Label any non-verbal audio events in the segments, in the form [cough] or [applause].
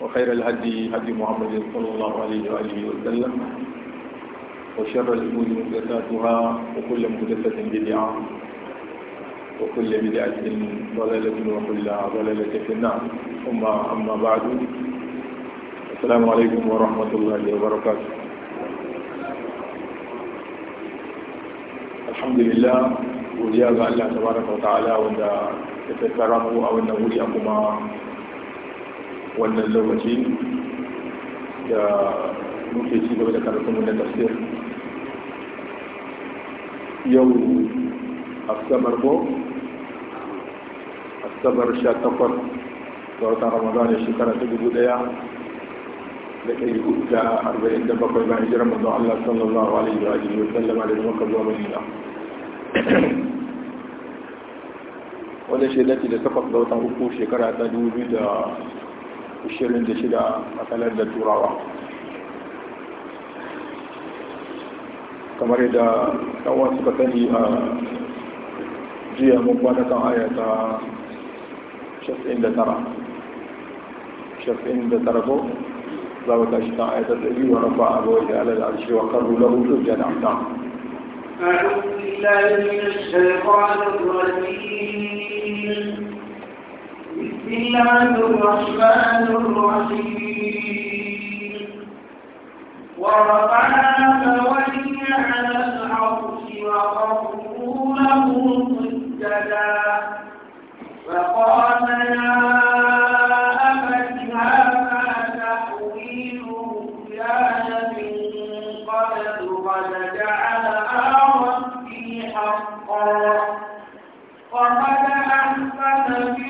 وخير الهدي هدي محمد صلى الله عليه وآله وسلم وشر الأمور محدثاتها وكل محدثة بدعة وكل بدعة ضلالة وكل ضلالة في النار ثم أما بعد السلام عليكم ورحمة الله وبركاته الحمد لله godiya الله تبارك وتعالى wa ta'ala أو أنه tattara wannan lokaci da muke ci gaba da karfin wannan tafsir yau asabar ko asabar sha takwas ga wata ramadana shekara ta dubu daya da ɗari da arba'in da bakwai bayan hijirar manzo Allah sallallahu alaihi wa sallama da wannan takwas shekara ta dubu da 26 a kalandar turawa kamar yadda ɗanwan suka sani a jiya mun kwana kan aya ta 99 ko za mu tashi kan aya ta 100 wa rafa a bawai da alal arshi wa karru lahu sujjada ta أعوذ بالله من الشيطان الرجيم الله الرحمن الرحيم ورفعنا فولي على العرش وقروا له سجدا فقال يا أبت هذا تحويل رؤياي من قبل قد جعلها ربي حقا وقد أحسن بي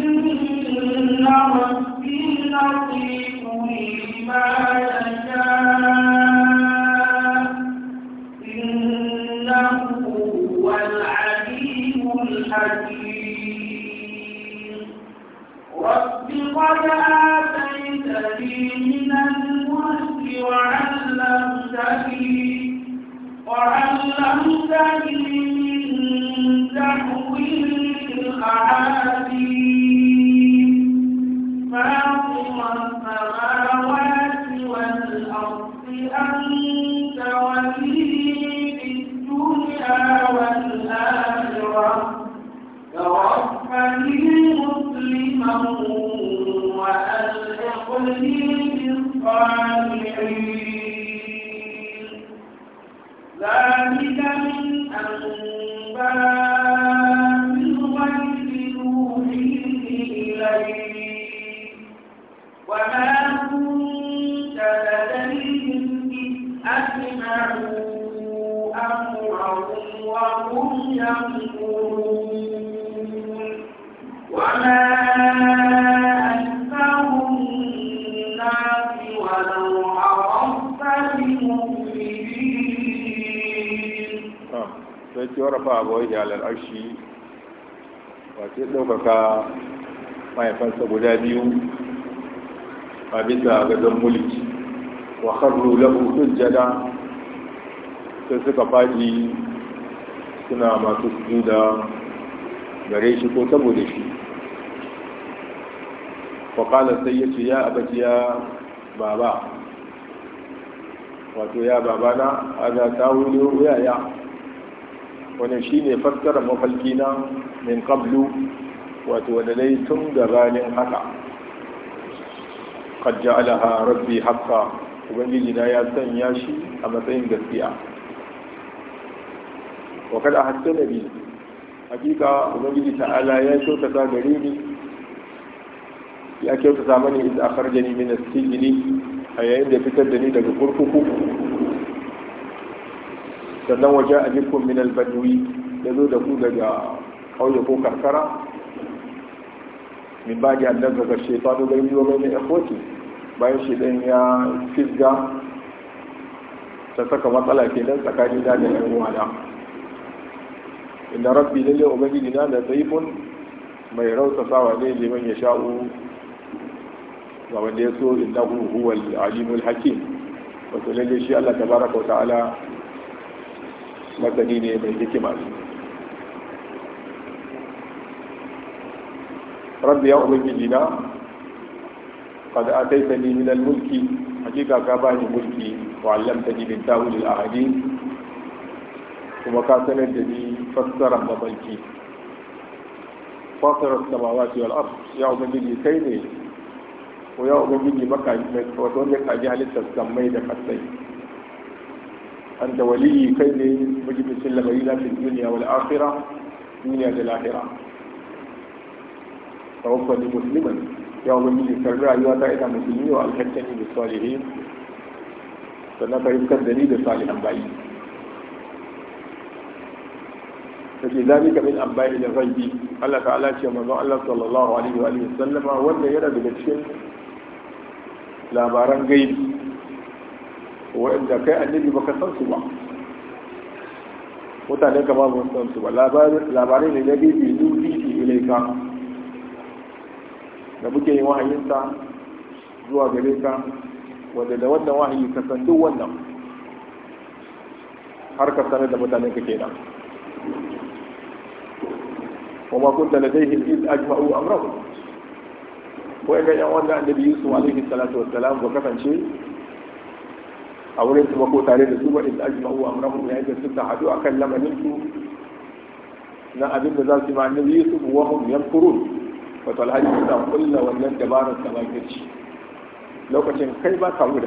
إن ربي لطيف يشاء إنه هو العليم الحكيم آتيتني من الملك وعلمتني وعلمتني من تحويل الأحاديث الحميد warafa abawai al'arshi ba wace ɗaukaka mahaifansa guda biyu a bisa gadon mulki wa harru lahu sujjada sai suka faɗi suna masu sujuda gare shi ko saboda shi faƙalar sai ya ya abaci ya baba wato ya baba na a ta ya ya wani shi ne fassara mafalki na min kablu wato wanda dai tun ranin haka kad ja'alaha rabbi haqqan ubangiji na ya sanya shi a matsayin gaskiya wa kad ahsana nabi hakika ubangiji ta'ala ya kyautata gare ni ya kyautata mani idan akharjani min as-sijni a yayin da fitar da ni daga kurkuku sannan waje a jikin minal badawi ya zo da ku daga ƙauye ko karkara min ba da annan daga shekaru bai biyo bai na ikoti bayan shi ɗin ya fisga ta saka matsala ke nan tsakani da da yan wada inda rabbi lalle ubangiji na da zaifun mai rauta sawa ne liman ya sha'u ga wanda ya so innahu huwal alimul hakim wato lalle shi Allah ta baraka wa ta'ala masani ne mai hikima rabbi ya ubangiji na قد أتيتني من الملك حقيقة كباني ملكي وعلمتني من تاويل الأحاديث ثم كاتلتني فسر مضيكي فاطر السماوات والأرض يا أبني كيني ويا مني مكا وتونك أجعل تسمي لك أنت ولي فضل وجب سل غيلا في الدنيا والآخرة الدنيا والآخرة توفني مسلما يوم من يسرع يوضع إلى مسلمي وألحقني بالصالحين sannan fahimtar kan dani da salihan bayi kake zami ka min ambayi da zai Allah ta'ala ce manzon Allah sallallahu alaihi wa sallama wanda yana daga cikin labaran gaibi wa'anda kai annabi ba ka san su ba mutane ka ba mu san su ba labarai ne na bibi nufi ka da muke yin wahayinsa zuwa gare ka wanda da wannan wahayi ka san duk wannan har ka sanar da mutane ka kenan وما كنت لديهم إذ أجمعوا أمرهم وإن كان يوم أن النبي يوسف عليه الصلاة والسلام وكفن شيء a wurin su ko tare da su ba in ajma'u amrahum ya da suka hadu kan lamarin su na abin da za su ma annabi yusuf wa hum yamkurun wa talhaji ta kulla wannan dabarar ta bakirci lokacin kai ba ka wuda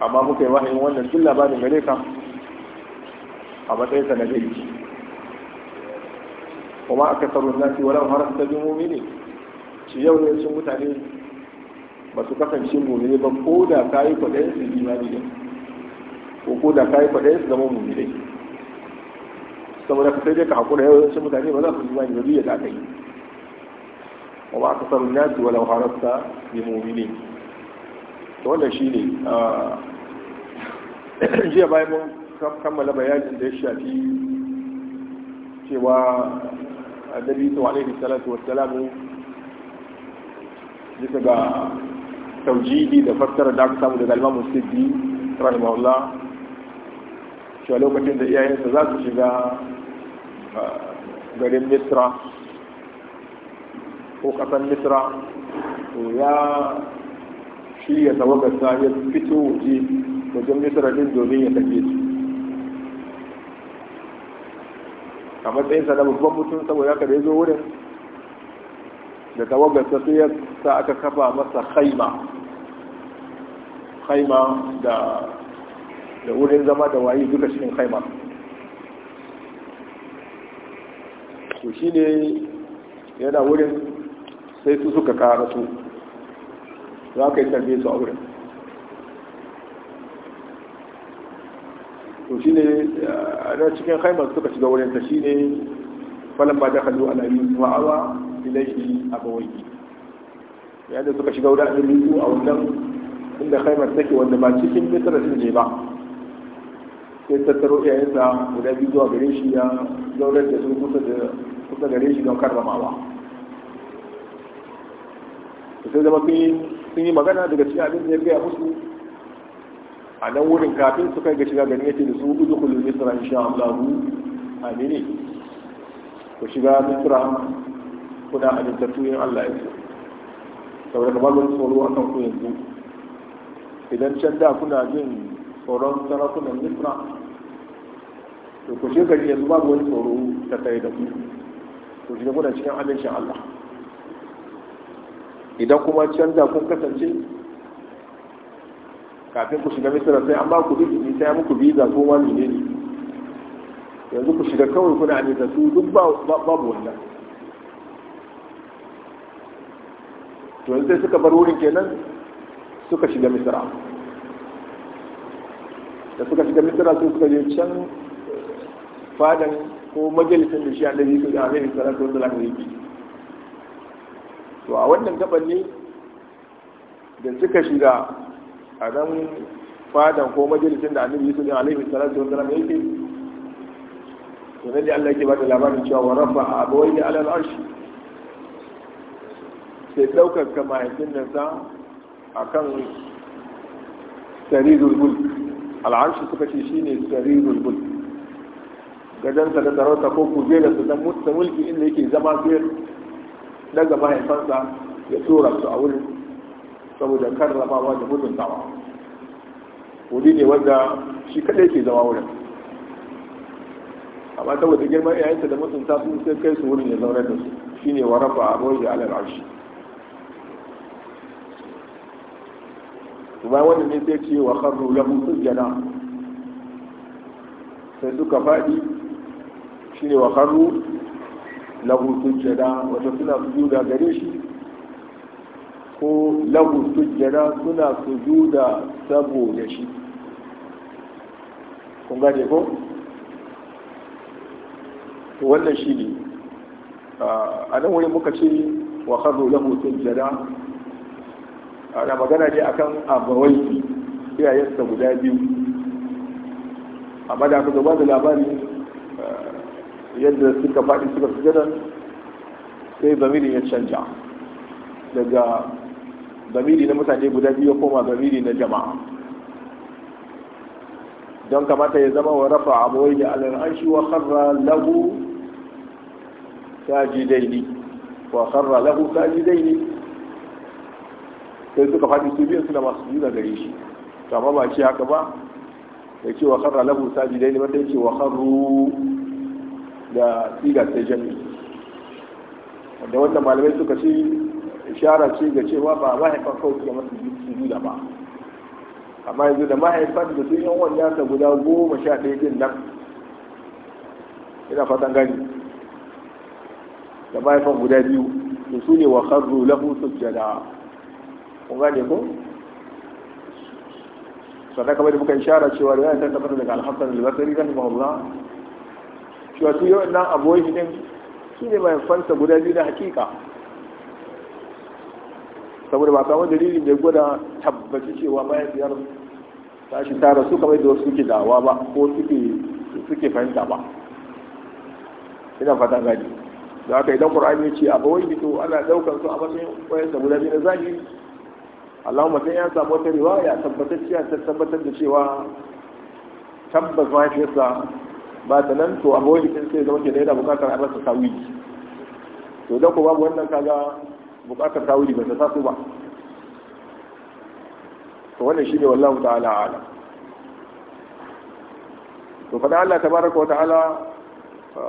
amma muka yi wahayin wannan duk labarin gare ka a matsayin sa na gaiki kuma aka saurin nasi wala harasta bi mu'mini shi yau ne sun mutane ba su kasance mummune ba ko da ka yi kwaɗayen su imani da ko ko da ka yi kwaɗayen su zama mummune saboda ka sai dai ka haƙura yawancin mutane ba za su imani ba duk da aka yi wa ba ka samu nasu walau harasta bi mummune to wanda shi ne [clears throat] jiya bayan mun kammala bayanin da ya shafi cewa annabi sallallahu alaihi wasallam bisa ga taujihi da fassara da aka samu daga Imam Siddi rahimahullah cewa lokacin da iyayensa za su shiga ah, garin Misra ko kasar Misra to ya shirya tawagarsa ya fito waje wajen Misra din domin ya tafi su a matsayinsa na babban mutum saboda haka da ya zo wurin da tawagarsa sai ya sa aka kafa masa haima haima da da wurin zama da waye duka cikin haima to shi ne yana wurin sai su suka kara su za ka yi tarbe su a wurin to shi ne a cikin haimar suka shiga wurin ta shi ne falon ba da hannu a yi ma'awa ilaihi abawaihi ya da suka shiga wurin annabi su a wannan inda khaimar take wanda ba cikin misra sun je ba sai tattaro iyayensa guda biyu zuwa gare shi ya zaurar da su kusa da kusa gare shi don karramawa sai zama sun yi magana daga cikin abin da ya gaya musu a nan wurin kafin su kai ga shiga gani yake da su uzu kullu misra insha Allah amini ku shiga misra kuna halittattu yin Allah ya so saboda kamar wani tsoro a kan ku yanzu idan can da kuna jin tsoron sarakunan nisra to ku shiga gari yanzu babu wani tsoro ta tsaye da ku ku shiga kuna cikin amincin Allah idan kuma can da kun kasance kafin ku shiga misira sai an ba ku bizu sai muku biza ko wani ne yanzu ku shiga kawai kuna su duk babu wannan to yanzu sai suka bar wurin kenan suka shiga misira da suka shiga misira sai suka je can fadan ko majalisar da shi a ɗari su da alaihi salatu wasu lafi yake to a wannan gaban ne da suka shiga a nan fadan ko majalisar da annabi yusuf alaihi salatu wasu lafi yake to ne da Allah yake ba da labarin cewa wa rafa abawai da alal arshi sai daukar ka mahaifin nasa sa a kan sarirul bul al'arshi suka ce shi ne sarirul mulk gadansa da sarauta ko je da mulki inda yake zama sai daga mahaifansa ya tura su a wurin saboda karramawa da mutuntawa wuri ne wanda shi kadai ke zama wurin amma saboda girman yayansa da mutunta sun sai kai su wurin ya zaunar da su shine warafa a rohi alal arshi to bayan wannan ne sai ce wa kharru lahu sujjada sai suka faɗi shine wa kharru lahu sujjada wato suna sujuda gare shi ko lahu sujjada suna sujuda saboda shi kun gane ko to wannan shi ne a nan wurin muka ce wa kharru lahu sujjada ana magana ne akan abawai iyayensa guda biyu amma da aka zama da labari eh, yadda suka faɗi suka sujada sai zamiri ya canja daga zamiri na mutane guda biyu koma zamiri na jama'a don kamata ya zama wa rafa abawai da al'arshi wa kharra lahu sajidaini wa kharra lahu sajidaini sai suka faɗi su biyan suna masu juna gare shi to amma ba ce haka ba da cewa kharra lahu sajidai ne mata yake wakar ru da tsiga sai jami wanda wannan malamai suka ce ishara ce ga cewa ba mahaifan kawai suka masu sujuda ba amma yanzu da mahaifan da sun yan wani ta guda goma sha ɗaya din nan ina fatan gani da mahaifan guda biyu to su ne wa kharru lahu sujjada kun gane ko sannan kamar da muka shara cewa da ya ta tabbata daga alhassan al-basri kan mahalla cewa su yau nan aboyi din su ne mai fansa guda biyu na hakika saboda ba samun dalilin da gwada tabbaci cewa biyar ta shi ta rasu kamar da wasu suke dawa ba ko suke fahimta ba ina fata gani da haka idan ƙur'ani ya ce abawai to ana daukar su a matsayin wayansa guda biyu na zahiri allahumma sai ya samu wata riwaya cewa ta tabbatar da cewa tabbas mahaifiyarsa ba ta nan to abokin sai zama ke da yana bukatar a rasa tawili to da ku babu wannan kaga bukatar tawili ba ta taso ba to wannan shine wallahu ta'ala ala to fada Allah tabaraka wa ta'ala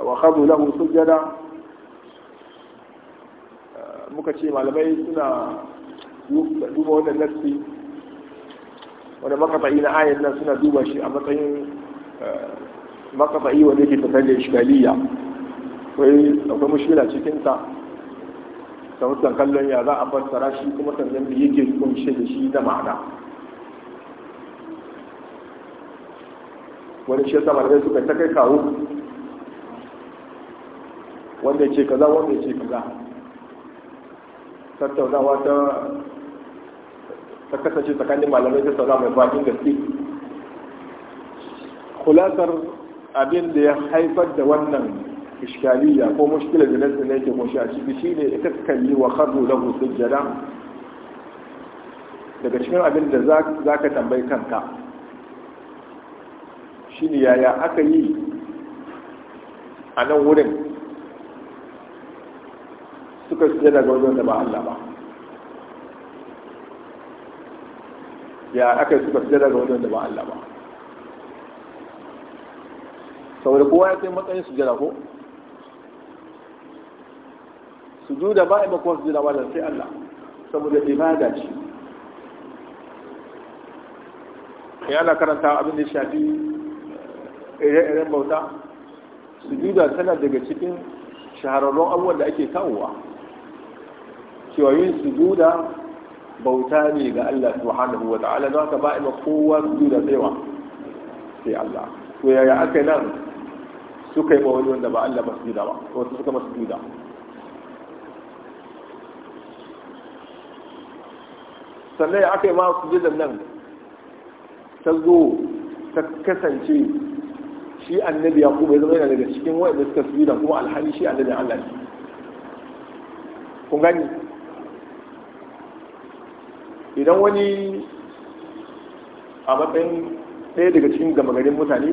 wa khadu lahu sujada muka ce malamai suna duba wannan nassi wadda makafa'i na ayan nan suna duba shi a matsayin eh, makafa'i wanda yake fitar da ishgaliya akwai akwai mushkila cikin ta ta mutan kallon ya za a fassara shi kuma sannan da yake kunshe da shi da ma'ana wani shi yasa malamai suka ta kai kawo wanda ce kaza wanda ce kaza tattaunawa ta ta kasance tsakanin malamai sai sauna mai bakin gaske kulatar abin da ya haifar da wannan iskaliya ko mushkilar da nasu ne ke kunshi a ciki shi ne ita kalli wa kharru lahu sujjada daga cikin abin da za ka tambayi kanka shi ne yaya aka yi a nan wurin suka yana ga wajen da ba Allah ba ya aka suka fita daga wajen da ba Allah ba saboda kowa ya kai matsayin sujada ko sujuda ba a su sujada ba da sai Allah saboda ibada ce ya ana karanta abin da shafi eh, ire-iren bauta sujuda tana daga cikin shahararrun abubuwan da ake kawowa cewa yin sujuda bauta ne ga Allah subhanahu wa ta'ala za ka ba'a kowa su da tsewa sai Allah to yaya aka nan suka yi ba wani wanda ba Allah ba su ba wasu suka masu da sannan aka yi ma su da nan ta zo ta kasance shi annabi ya kuma zama yana daga cikin waɗanda suka su da kuma alhali shi annabi Allah ne kun gani idan wani a matsayin ɗaya daga cikin gama garin mutane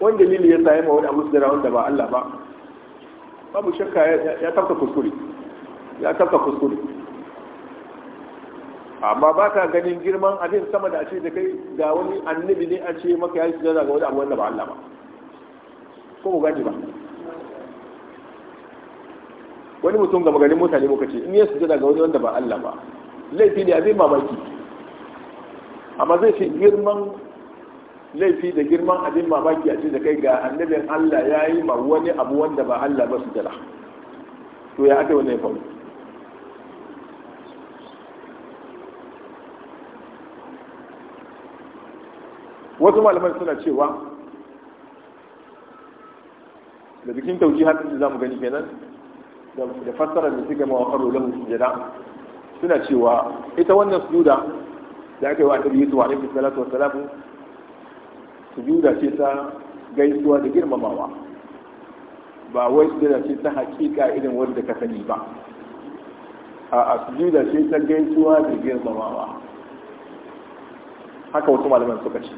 wani dalili ya sayi ma wani abu da wanda ba Allah ba babu shakka ya tafka kuskure ya tafka kuskure amma ba ka ganin girman abin sama da a ce da kai ga wani annabi ne a ce maka ya yi sujada ga wani abu wanda ba Allah ba ko ba gaji ba wani mutum gaba ganin mutane muka ce in ya sujada ga wani wanda ba Allah ba laifi ne abin mamaki amma zai ce girman laifi da girman abin mamaki a ce da kai ga annabin Allah ya yi ma wani abu wanda ba Allah ba su jira. to ya aka wani ya faru wasu malaman suna cewa da bikin tauji hatin da za mu gani kenan da fassara da suka ma wakaru lahu sujada suna cewa ita wannan sujuda da aka yi wa annabi Yusuf alaihi salatu wa salam sujuda ce ta gaisuwa da girmamawa ba wai sujuda ce ta hakika irin wanda ka sani ba a sujuda ce ta gaisuwa da girmamawa haka wasu malaman suka ce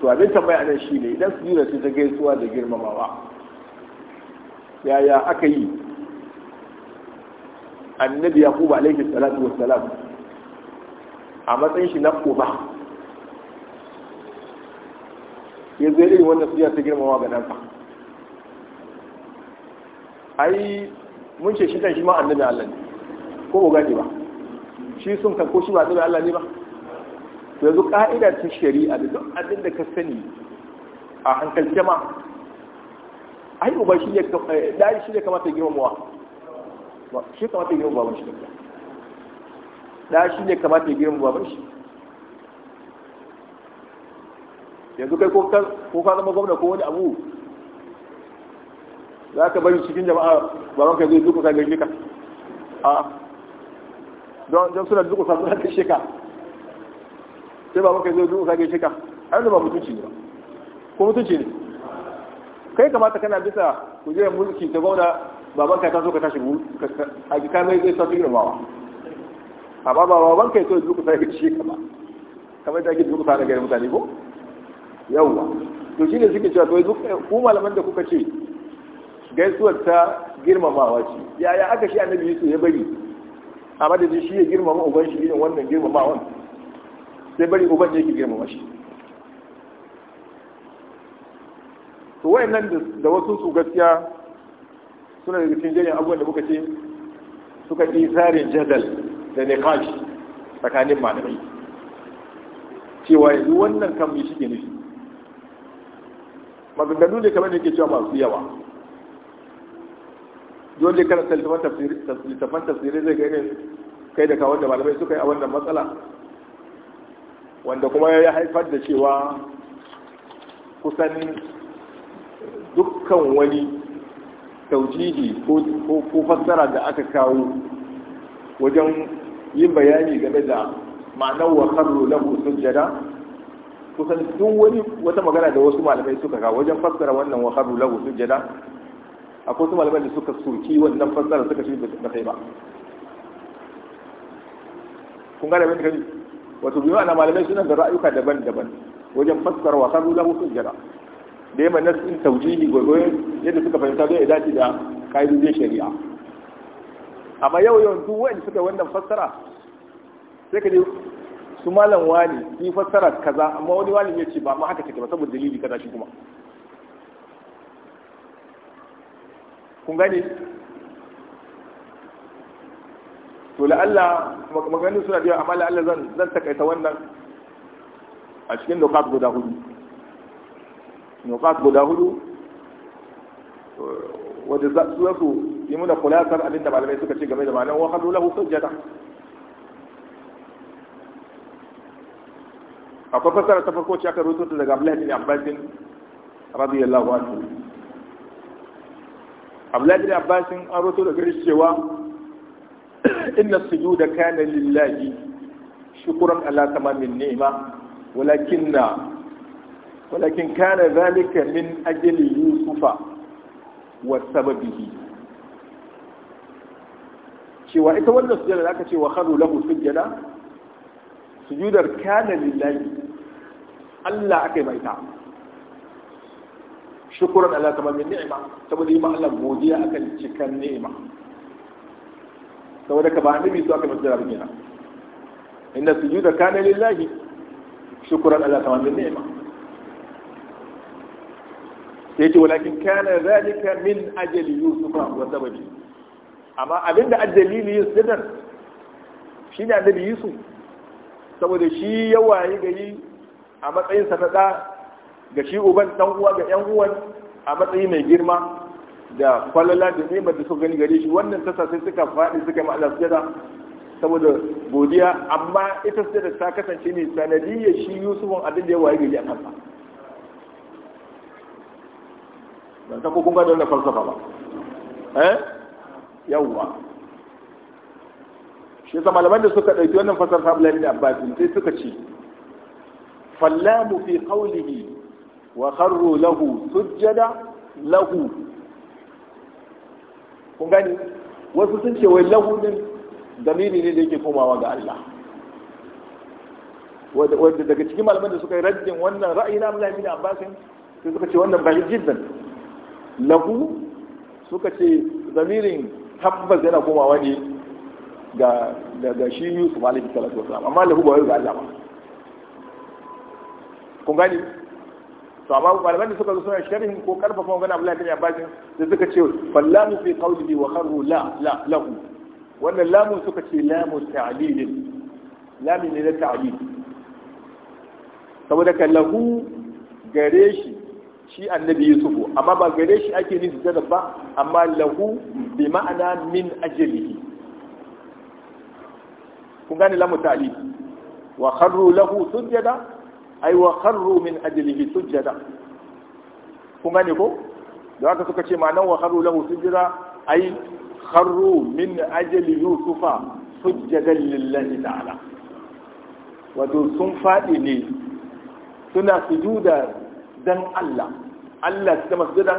to abin tambaya nan shine idan sujuda ce ta gaisuwa da girmamawa yaya aka yi annabi ya yaquba alaihi salatu wa Salam a matsayin shi na uba ya zai irin wannan suya ta girmama ga a yi mun ce shi kan shi ma annabi Allah ne ko ba gane ba shi sun kan ko shi ba annabi Allah ne ba to yanzu ka'idar ta shari'a da duk abin da ka sani a hankalce ma ai uba shi ne eh, dai shi ne kamata ya girmamawa shi kamata ya girmama baban shi da shi ne kamata ya girmama baban shi yanzu kai ko ka zama gwamna ko wani abu za ka bari cikin jama'a baban ka zai duka ka gaishe ka a don don suna duka ka suna gaishe ka sai baban ka zai duka ka gaishe ka an ba mutunci ne ko mutunci ne kai kamata kana bisa kujerar mulki ta gwamna baban ka ta so ka tashi a jika mai zai sa girmawa A ba baban kai so zuku sai shi kama kamar da ake zuku sa gari mutane ko yawwa to shi ne suke cewa to ku malaman da kuka ce gaisuwar ta girmamawa ce yaya aka shi annabi yusuf ya bari a da shi ya girmama uban shi ne wannan girmamawan sai bari uban ne yake girmama shi to wayannan da wasu su gaskiya suna da cikin jerin abubuwan da muka ce suka yi tsarin jadal da nikash tsakanin malamai cewa yanzu wannan kan mai shi ke nufi maganganu ne kamar da yake cewa masu yawa dole kana littafan tafsiri zai ga irin kai da kawon da malamai suka yi a wannan matsala wanda kuma ya haifar da cewa kusan dukkan wani taujihi ko fassara da aka kawo wajen yin bayani game da ma'anar wa karro lahu sujjada kusan duk wani wata magana da wasu malamai suka kawo wajen fassara wannan wa karro lahu jada, akwai wasu malamai da suka soki wannan fassara suka shi da kai ba kun gane bin kai wato biyu ana malamai suna da ra'ayuka daban-daban wajen fassara wa karro lahu jada. da yamma nasin taujihi gwargwaron yadda suka fahimta don dace da zai shari'a amma yau yau duk wanda suka wannan fassara sai ka je su malam wani yi fassara kaza amma wani wani ya ce ba ma haka take ba saboda dalili kaza shi kuma kun gane to la'alla maganin suna da yawa amma la'alla zan takaita wannan a cikin lokacin guda hudu nukat guda hudu wadda za su zasu yi muna kulatar abinda malamai suka ce game da malamai wa hannu lahu sujjada akwai fasara ta farko ce aka rutu daga Abdullahi bin Abbas radiyallahu anhu Abdullahi bin Abbas an rubuta daga gare cewa inna sujuda kana lillahi shukran ala tamamin ni'ma walakinna walakin kana zalika min ajli yusufa wa sababihi cewa ita wannan sujada zaka ce wa khadu lahu sujada sujudar kana lillahi Allah aka yi ta shukuran Allah kamar min ni'ima saboda yi ma Allah godiya akan cikan ni'ima saboda ka ba annabi su aka masu jarabi kenan inda sujuda kana lillahi shukran ala tamamin ni'ima sai ce walakin kana zalika min ajali yusufa wa sababi amma abinda ajali yusuf dan shi ne annabi yusuf saboda shi ya waye gari a matsayin sa da ga shi uban dan uwa ga yan uwan a matsayi mai girma da falala da nemar da suka gani gari shi wannan tasa sai suka faɗi suka yi ma'ala sujada saboda godiya amma ita sujada ta kasance ne sanadiyar shi yusufun abin da ya waye gari a kansa ban ta kun gado da falsafa ba eh yawwa shi yasa malaman da suka ɗauki wannan fasar fabulani da abbasin sai suka ce fallamu fi qawlihi wa kharru lahu sujjada lahu kun gani wasu sun ce wai lahu din damiri ne da yake komawa ga Allah wanda daga cikin malaman da suka yi rajin wannan ra'ayi na Abdullahi bin Abbas sai suka ce wannan bai jiddan lahu suka ce zamirin tabbas yana koma wani ga shi shi Yusuf alaihi salatu wasalam amma lahu ba wai ga Allah ba kun gani to amma malaman da suka zo suna sharhin ko karfafa magana Abdullahi bin Abbas da suka ce fallamu fi qawlihi wa kharru la la lahu wannan lamun suka ce lamun ta'lil lamin ne na ta'lil saboda kallahu gare shi shi annabi yusufu amma ba gare shi ake nufi zainab ba amma lahu bi ma'ana min ajalihi kun gane lamu ta'ali wa kharru lahu sujjada ay wa kharru min ajlihi sujjada kun gane ko da haka suka ce ma'ana wa kharru lahu sujjada ay kharru min ajli yusufa sujjadan lillahi ta'ala wato sun faɗi ne suna sujuda dan Allah Allah ta masjida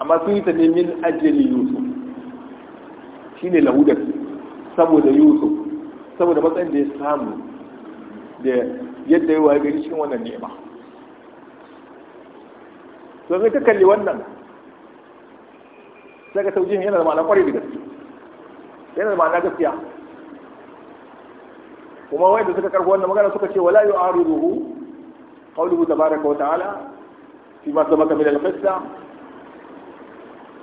amma sun yi ta ne min ajali Yusuf ne lahudar saboda Yusuf saboda matsayin da ya samu da yadda ya waye gari cikin wannan nema. to sai ka kalli wannan sai ka taujihin yana da ma'ana kwarai da gaske yana da ma'ana gaskiya kuma wanda suka karbi wannan magana suka ce wala yu'ariduhu qawluhu tabaaraka wa ta'ala فيما سبق من القصة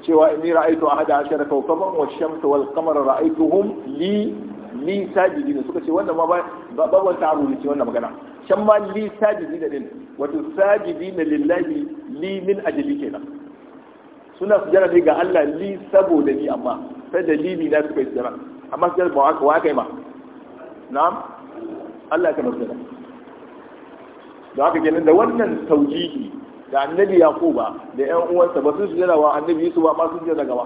cewa inni ra'aytu ahada ashara kawkaban wa shamsa wal qamara ra'aytuhum li li sajidin suka ce wannan ma ba ba wani ta'arudi ce wannan magana shan ma li sajidin din wato sajidin lillahi li min ajli kenan suna sujjara ne ga Allah li saboda ni amma sai dalili na suka yi sujjara amma sujjara ba haka wa kai ma na'am Allah ya kamar sujjara da haka kenan da wannan taujihi da annabi yaquba da ƴan uwansa ba su sujada wa annabi yusuf ba su sujada gaba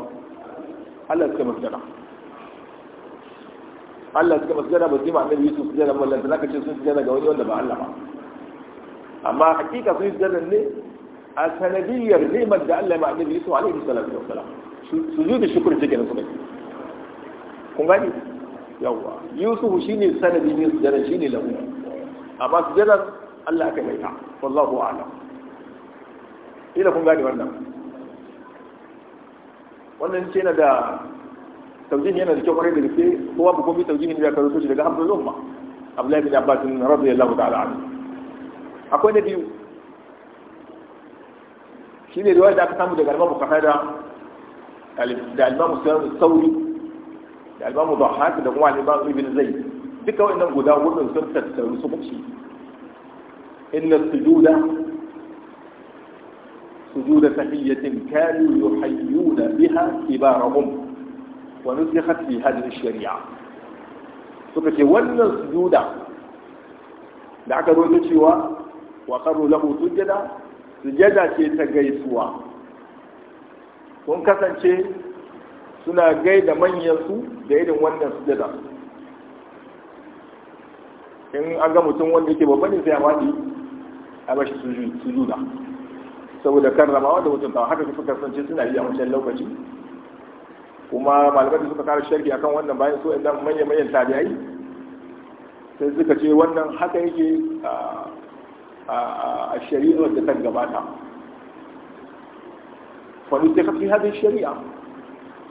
Allah suka masjada Allah suka masjada ba su yi ma annabi yusuf sujada ba lalla zaka ce sun sujada ga wani wanda ba Allah ba amma hakika sun sujada ne a sanadiyar ni'imar da Allah ya ma annabi yusuf alaihi salatu wassalam sujudu shukr take da kuma kun gani yawa yusuf shine sanadin yusuf da shine lahu amma sujada Allah aka yi ta wallahu a'lam ila kun gani wannan wannan ce na da taujihin yana da kyau kwarai da gaske kowa ba komai ne da ka rubuta daga hamdu umma abdullahi bin abbas bin radiyallahu ta'ala anhu akwai na biyu shi ne riwaya da aka samu daga al-Imam Qatada da al-Imam Sauri da al-Imam Dhahhak da kuma al-Imam Ibn Zayd duka wannan guda wurin sun tattaru su kuci inna sujuda سجود تحية كانوا يحيون بها كبارهم ونسخت في هذه الشريعة سكتي ولا سجودا دعك رويت وقروا له سجدا سجدا كي تجيسوا kun kasance suna gaida manyansu da irin wannan sujada in an ga mutum wanda yake babban sai a a bashi sujuda saboda kan karramawa da mutunta haka suka ce suna iya wancan lokaci kuma malamai da suka kara sharhi akan wannan bayan so idan manyan manyan tabi'ai sai suka ce wannan haka yake a shari'ar da ta gabata wani ta kafi hadin shari'a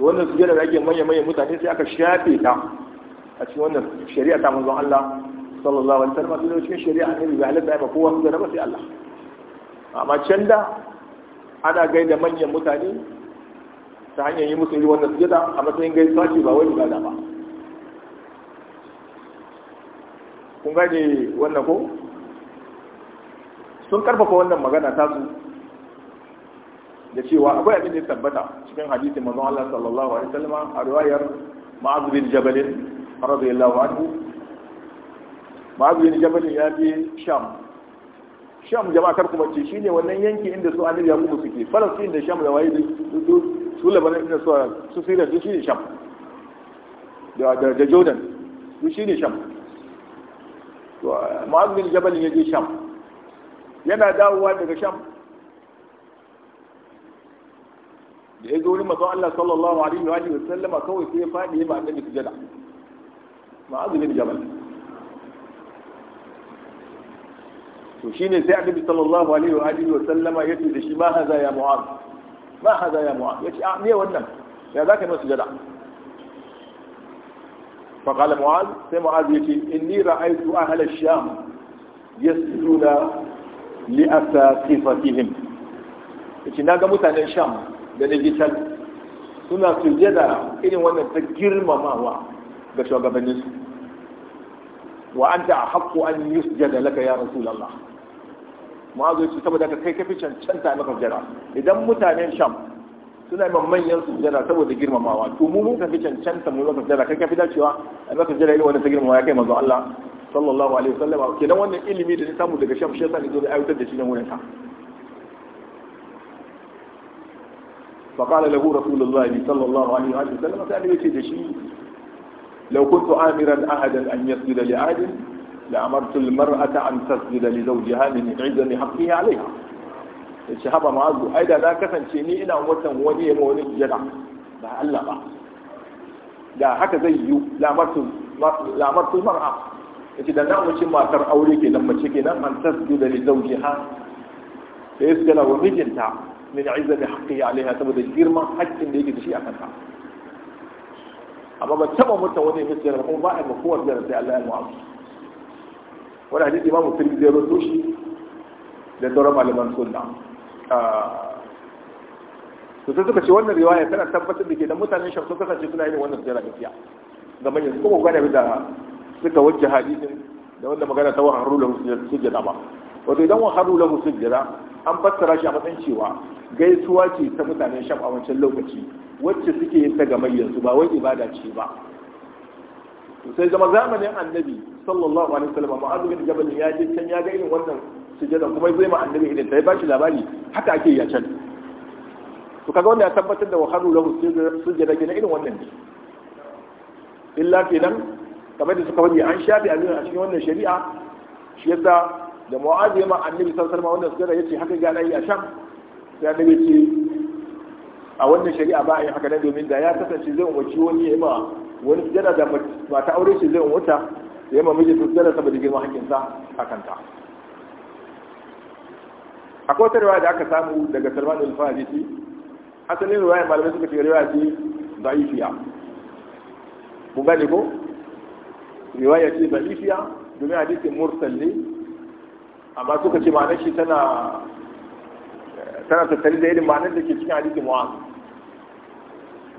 wannan sujada da ake manyan manyan mutane sai aka shafe ta a cikin wannan shari'a ta manzon Allah sallallahu alaihi wasallam sai cikin shari'a ne da halatta ba kowa da ba sai Allah amma can da ana gai da manyan mutane ta hanyar yi musu yi wannan sujada a matsayin gai sashi ba wai ibada ba kun gane wannan ko sun karfafa wannan magana ta su da cewa akwai abin da ya tabbata cikin hadisin manzon Allah sallallahu alaihi wasallam a riwayar Ma'az bin Jabal radiyallahu anhu Ma'az bin Jabal ya je Sham sham jama'a kar kuma ce shine wannan yanki inda su annabi yakubu suke falastin da sham da waye su labanan inda su su sira su shine sham da da jordan su shine sham to mu'adh bin jabal ya je sham yana dawowa daga sham da ya zo wurin mazan Allah sallallahu alaihi wa sallama kawai sai ya faɗi ya ma annabi sujada ma'azu bin jabal to shine sai annabi sallallahu alaihi wa alihi wa sallama yace da shi ma haza ya mu'az ma haza ya mu'az yace a ah, me wannan ya zaka mai sujada fa qala mu'az sai mu'az yace inni ra'aytu ahla ash-sham yasjuduna li asaqifatihim yace naga mutanen sham da nake can suna sujada irin wannan ta girmamawa ga shugabanninsu wa anta haqqu an yusjada laka ya rasulullah mu'azu ya ce saboda ka kai kafi cancanta maka jira idan mutanen sham suna ma manyan su jira saboda girmamawa to mu mun kafi cancanta mu maka jira kai kafi dacewa a maka jira irin wanda ta girmamawa ya kai mazu Allah sallallahu alaihi wasallam kenan wannan ilimi da ta samu daga sham shi yasa ne zo da aiwatar da shi nan wurin ka فقال له رسول الله صلى الله عليه وسلم قال لي شيء لو كنت آمرا أحدا أن يسجد لعاد لأمرت المرأة أن تسجد لزوجها من عدم حقه عليها yace haba ma'azu ai da na kasance ni ina watan wani yamma wani jira ba Allah ba da haka zai yi lamartu mar'a yace da na mace matar aure kenan mace kenan an tasjuda li zawjiha sai su gana wa mijinta min izzati haqqihi alaiha saboda girman haƙƙin da yake da shi a kanta amma ba wani ya da ba a mafuwar da Allah ya wani hadisi imamu tirmidhi zai rawaito shi da sauran malaman sunna su ah, sun suka ce wannan riwaya tana tabbatar da ke da mutanen shaf sun kasance suna yin wannan sirra gaskiya ga manyan kuma gane da suka wajen hadisin da wanda magana ta rula lahu jira ba wato idan rula lahu jira an fassara shi a matsayin cewa gaisuwa ce ta mutanen shaf a wancan lokaci wacce suke yin ta ga manyan su ba wai ibada ce ba to sai zama zamanin annabi sallallahu alaihi wasallam ma'azu da jabal ya je can ya ga irin wannan sujada kuma zai ma annabi idan sai ba bashi labari haka ake yi a can to kaga wanda ya tabbatar da wahadu lahu sujada kenan irin wannan ne illa kenan kamar da suka wani an shafi abin a cikin wannan shari'a shi yasa da mu'azu ya ma annabi sallallahu alaihi wasallam wannan sujada yace haka ga dai a sham sai annabi ce a wannan shari'a ba a yi haka nan domin da ya kasance zai umarci wani ya yi ma wani sujada da mata aure shi zai wuta ya ma miji sujada saboda girman hakkinsa a kanta akwai kotar riwaya da aka samu daga Salman al-Farisi asalin riwaya malamai suka ce riwaya ce ifiya. Mu gane ko riwaya ce ifiya domin hadisin mursal ne amma suka ce ma'anar shi tana tana tattali da irin ma'anar da ke cikin hadisin mu'az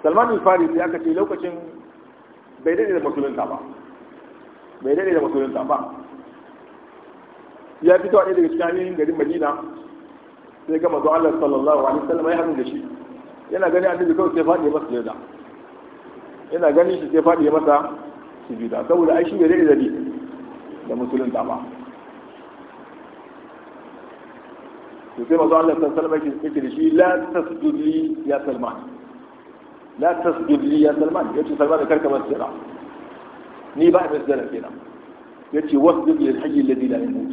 Salman al ya aka ce lokacin bai daɗe da musulunta ba bai daɗe da musulunta ba ya fito a ɗaya daga cikin hanyoyin garin madina sai ga mazu allah sallallahu alaihi wasallam ya hannu da shi yana gani annabi kawai sai faɗi masa sujada yana gani shi sai faɗi masa sujuda saboda ai shi bai daɗe da ni da musulunta ba to sai mazu allah sallallahu alaihi wasallam yake da shi la tasjud ya salman la tasjud li ya salman yace salman kar ka masira ni ba da sira kenan yace wasjud lil hayy alladhi la yamut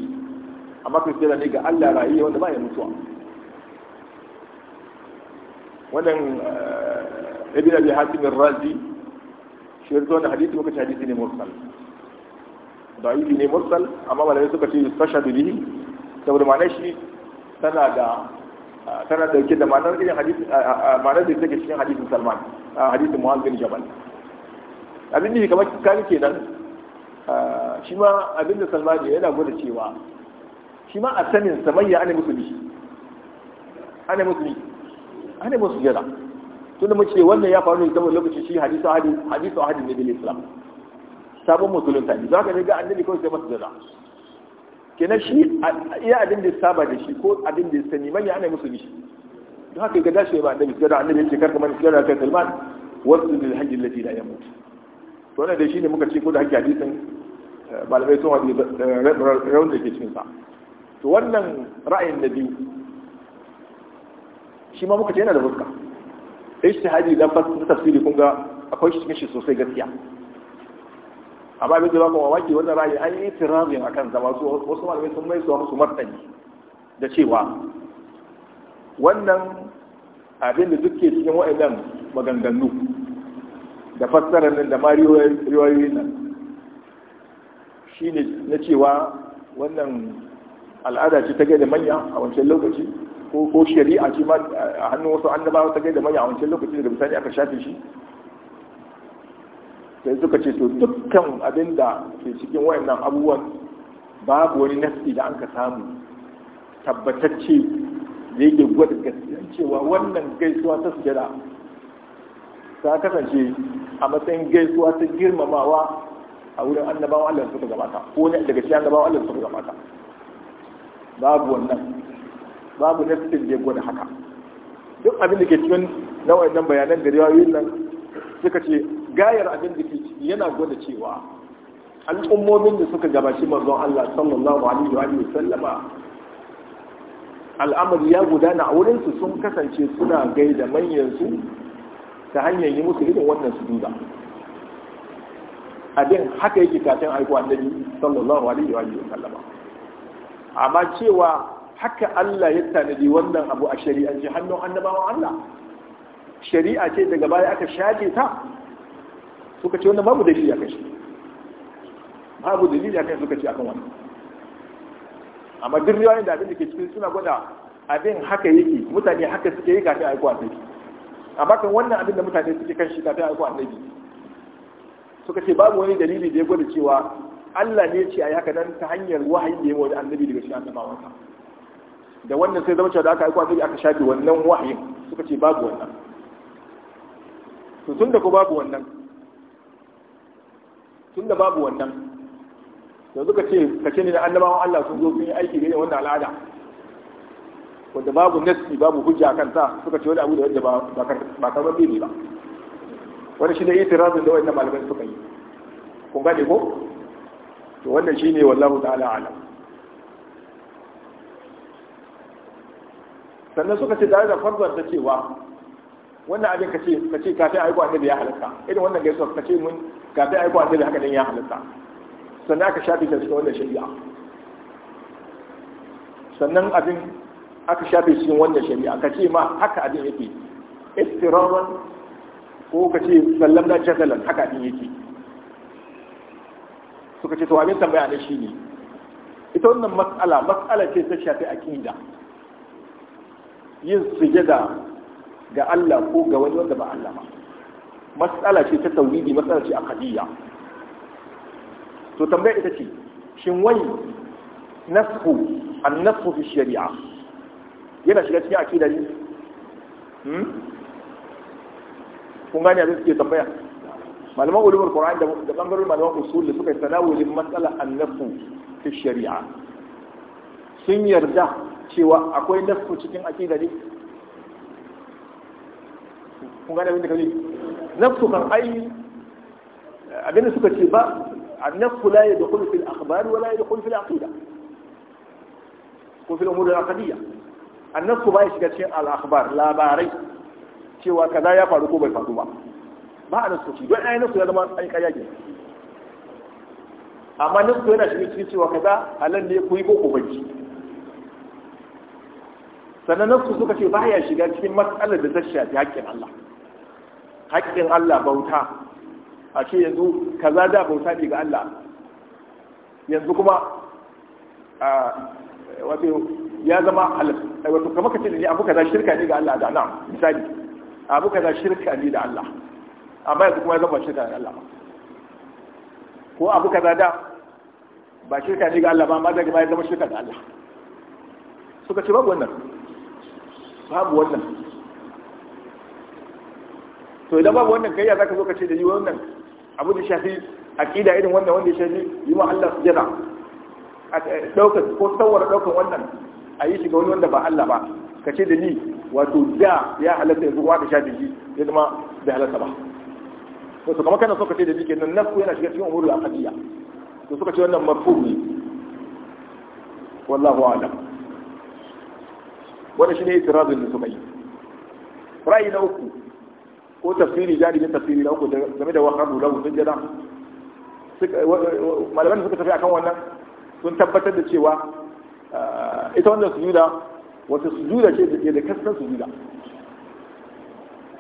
amma kai sira ne ga Allah rayi wanda ba ya mutuwa wannan ibn abi hatim ar-razi shi yarda wannan hadisi muka hadisi ne mursal da'ifi ne mursal amma malamai suka ce yustashhadu bihi saboda ma'anar shi tana da tana dauke da ma'anar irin hadisi ma'anar da take cikin hadisin Salman hadisin muhammad bin Jabal abin da kamar kare kenan shi ma abin da Salman yana gwada cewa shi ma a sanin samayya ana musulmi ana musulmi ana musulmi tun da muke wannan ya faru ne saboda lokacin shi hadisu ahadi hadisu ne da islam sabon musulunta ne zaka ne ga annabi kawai sai masa jaza kenan shi iya abin da ya saba da shi ko abin da ya sani manya ana musu bishi don haka ga dashi ba annabi sai da annabi ya ce karka mani sai da kai salman wasu da hajji lati da yamma to wannan da shi ne muka ce ko da haka hadisin eh, malamai sun wadi raunin da ke cikin sa to wannan ra'ayin na biyu shi ma muka ce yana da fuska ijtihadi da tafsiri kun ga akwai shi cikin shi sosai gaskiya amma abin da ba ku mamaki wannan ra'ayi an yi tirazin a kan zama su wasu malamai sun mai suwa musu martani da cewa wannan abin da duk ke cikin wa'idan maganganu da fassarar nan da ma riwayoyin nan shi ne na cewa wannan al'ada ce ta gaida manya a wancan lokaci ko shari'a ce ma a hannun wasu annabawa ta gaida manya a wancan lokaci daga bisani aka shafe shi sai suka ce to dukkan abin da ke cikin wayannan abubuwan babu wani nasi da an ka samu tabbatacce da yake gwada gaskiyar cewa wannan gaisuwa ta sujada ta kasance a matsayin gaisuwa ta girmamawa a wurin annabawa Allah suka gabata ko ne daga cikin annabawa Allah suka gabata babu wannan babu nasi da ya gwada haka duk abin da ke cikin nawa nan bayanan da riwayoyin nan suka ce gayar abin da ke ciki yana gwada cewa al'ummomin da suka gabashi manzon Allah sallallahu alaihi wa sallama al'amari ya gudana a wurinsu sun kasance suna gaida manyansu ta hanyar yi musu irin wannan su duba abin haka yake kafin aiko annabi sallallahu alaihi wa sallama amma cewa haka Allah ya tanadi wannan abu a shari'ance hannun annabawan Allah shari'a ce daga baya aka shafe ta suka ce wannan babu dalili a kai babu dalili a kai suka ce akan wannan amma duk riwayoyin da abin da ke cikin suna gwada abin haka yake mutane haka suke yi kafin aiko annabi amma kan wannan abin da mutane suke kan shi kafin aiko annabi suka ce babu wani dalili da ya gwada cewa Allah ne ce a yi haka nan ta hanyar wahayi da ya wani annabi daga cikin annabawansa da wannan sai zama cewa da aka aiko annabi aka shafe wannan wahayin suka ce babu wannan to tun da ko babu wannan tunda babu wannan yanzu ka ce ka ce ni da annabawan Allah sun zo sun yi aiki ne wannan al'ada wanda babu nasi babu hujja kan sa suka ce wani abu da wanda ba ba bebe ba wani shi ne itirazin da wani malamai suka yi kun gane ko to wannan shi ne wallahu ta'ala ala sannan suka ce tare da farzar ta cewa wannan abin ka ce ka ce kafin aiko annabi ya halatta irin wannan gaisuwa ka ce mun kafin aiko a da haka don ya halitta sannan aka shafe ta cikin wannan shari'a sannan abin aka shafe cikin wannan shari'a ka ce ma haka abin yake istirawan ko ka ce sallam na jagalan haka abin yake suka ce to tambaya na shi ne ita wannan matsala matsala ce ta shafi aqida yin sujada ga Allah ko ga wani wanda ba Allah ba matsala ce ta tauhidi matsala ce aqdiyya to tambaya ita ce shin wai nasfu an-nasfu fi shari'a yana shiga cikin aqida ne hmm kun gane abin suke tambaya malaman ulumul qur'ani da bangarorin malaman usul suka yi tanawulin matsala an-nasfu fi shari'a sun yarda cewa akwai nasfu cikin aqida ne kun gane abinda kawai nafsu kan ai abinda suka ce ba annafsu la ya dukulu fil akhbar wala ya dukulu fil aqida ko fil umur al aqidiyya annafsu ba ya shiga cikin al akhbar labarai cewa kaza ya faru ko bai faru ba ba a nasu ci don ai nasu ya zama an kaya ke amma nasu yana shiga cikin cewa kaza halal ne ku yi ko ku bai sannan nasu suka ce baya shiga cikin matsalar da ta shafi haƙƙin Allah haƙƙin Allah bauta a ce yanzu kaza da bauta ne ga Allah yanzu kuma wato ya zama halal wato kamar da ne abu kaza shirka ne ga Allah da na misali abu kaza shirka ne da Allah amma yanzu kuma ya zama shirka ne ga Allah ko abu kaza da ba shirka ne ga Allah ba amma daga baya zama shirka ga Allah suka ce babu wannan babu wannan to idan babu wannan kai ya zaka zo ka ce da yi wannan abu da shafi aqida irin wannan wanda ya shafi yi ma Allah sujada dauka eh, ko sawara dauka wannan a yi shi ga wani wanda ba Allah ba ka ce da ni wato da ya halatta yanzu wa da shafi shi ya zama da halatta ba to kamar kana so ka ce da ni kenan nasu yana shiga cikin umurul aqidiyya to suka ce wannan marfu ne wallahu a'lam wanda shine itirazul lisumai ra'ayi na uku ko tafsiri jari ne tafsiri na uku game da wahar lahu sun jana malaman da suka tafi akan wannan sun tabbatar da cewa eh, ita wannan sujuda wata sujuda ce da ke da kasan sujuda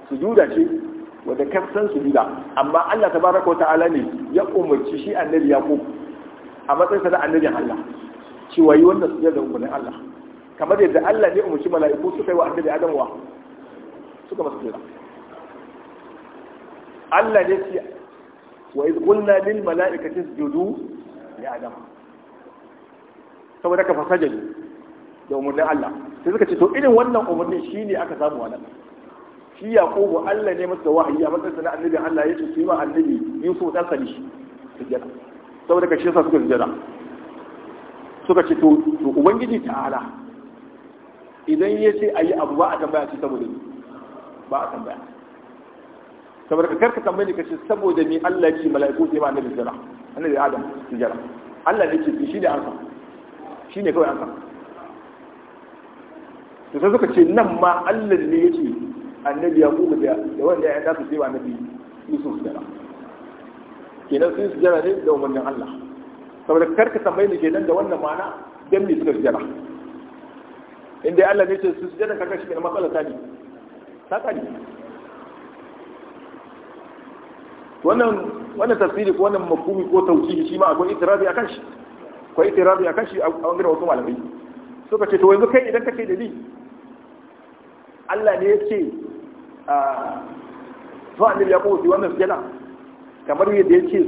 sujuda ce wadda kasan sujuda amma Allah tabaraka wa ta'ala ne ya umarci shi annabi ko, a matsayinsa da annabi Allah cewa yi wannan sujuda da umarnin Allah kamar yadda Allah ne umarci mala'iku suka yi wa annabi Adam wa suka masa jira. Allah ne ce wa iz qulna lil mala'ikati isjudu li Adam saboda ka fasajadu da umarnin Allah sai suka ce to irin wannan umarnin shine aka samu wannan shi Yaqubu Allah ne masa wahayi a matsayin na annabi Allah ya ce shi ma annabi Yusuf dan sani sujjada saboda ka shi yasa suka sujjada suka ce to ubangiji ta'ala idan ya ce a yi abu ba a tambaya ce saboda ni ba a tambaya saboda ka karka tambaye ka ce saboda ni Allah ya ce mala'iku sai ma annabi jira annabi Adam su jira Allah ne ce shi ne ansa shi ne kawai ansa to sai suka ce nan ma Allah ne ya ce annabi ya kuma da wanda ya dafa sai ma annabi su jira kenan sun su jira ne da umarnin Allah saboda karka ne ni kenan da wannan ma'ana dan me suka jira Inda ya Allah ne ce su sujada kaga shi ne matsala ta ne ta ne wannan wannan tafsiri ko wannan makumi ko tauki shi ma akwai itirazi akan shi akwai itirazi akan shi a bangaren wasu malamai suka ce to yanzu kai idan kace da ni Allah ne ya ce ah, a to annabi ya kowace wannan sujada kamar yadda ya ce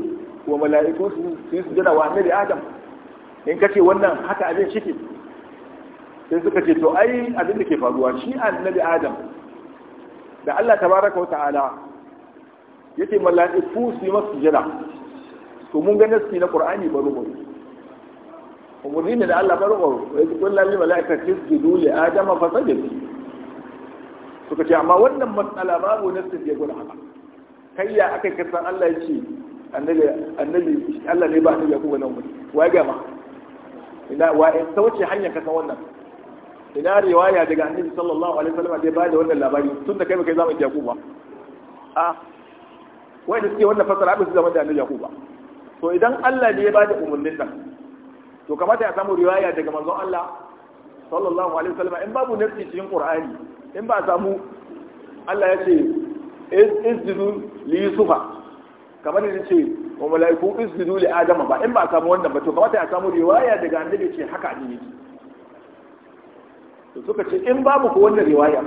wa mala'iku su yi sujada wa annabi Adam in kace wannan haka abin shi ke sai suka ce to ai abin da ke faruwa shi annabi adam da Allah tabaraka wa ta'ala yake mala'iku su yi masa to mun ga nasi na qur'ani ba baro umurni ne da Allah rubu baro yake kullal lil mala'ikati isjudu li adama sajid suka ce amma wannan matsala babu nasu da ya gwada haka kai ya aka kasan Allah ya ce annabi annabi Allah ne ba annabi ya kuma nan wani wa ga ma ina wa ta wuce hanyar kasan wannan ina riwaya daga annabi sallallahu alaihi wasallam da ba da wannan labari tun da kai baka zama Yakubu ba a wai da suke wannan fasara abin su zama da annabi Yakubu ba to idan Allah ne ya ba da umurnin nan to kamata ya samu riwaya daga manzon Allah sallallahu alaihi wasallam in babu nafsi cikin Qur'ani in ba samu Allah ya ce isjudu li yusufa kamar da ce wa malaiku isjudu li adama ba in ba samu wannan ba to kamata ya samu riwaya daga annabi ce haka ne yake to suka ce in babu ku wannan riwaya